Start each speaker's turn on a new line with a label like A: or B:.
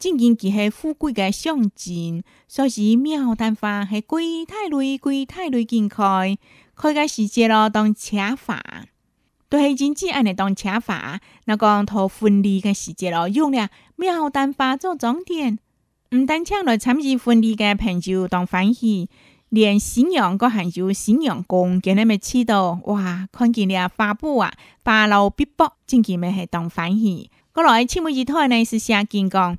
A: 正經係富貴嘅象徵，所以牡丹花係歸大蕊，歸大蕊緊開。開嘅時節咯，當奢華都係正經，按嚟當奢華。那講到婚禮嘅時節咯，用咧牡丹花做裝點。唔單請來參加婚禮嘅朋友當歡喜，連新娘個漢族、新娘公跟他們祈禱，哇！看見咧花布啊，花樓碧波，正經咪係當歡喜。嗰來穿梅子台呢，是寫健康。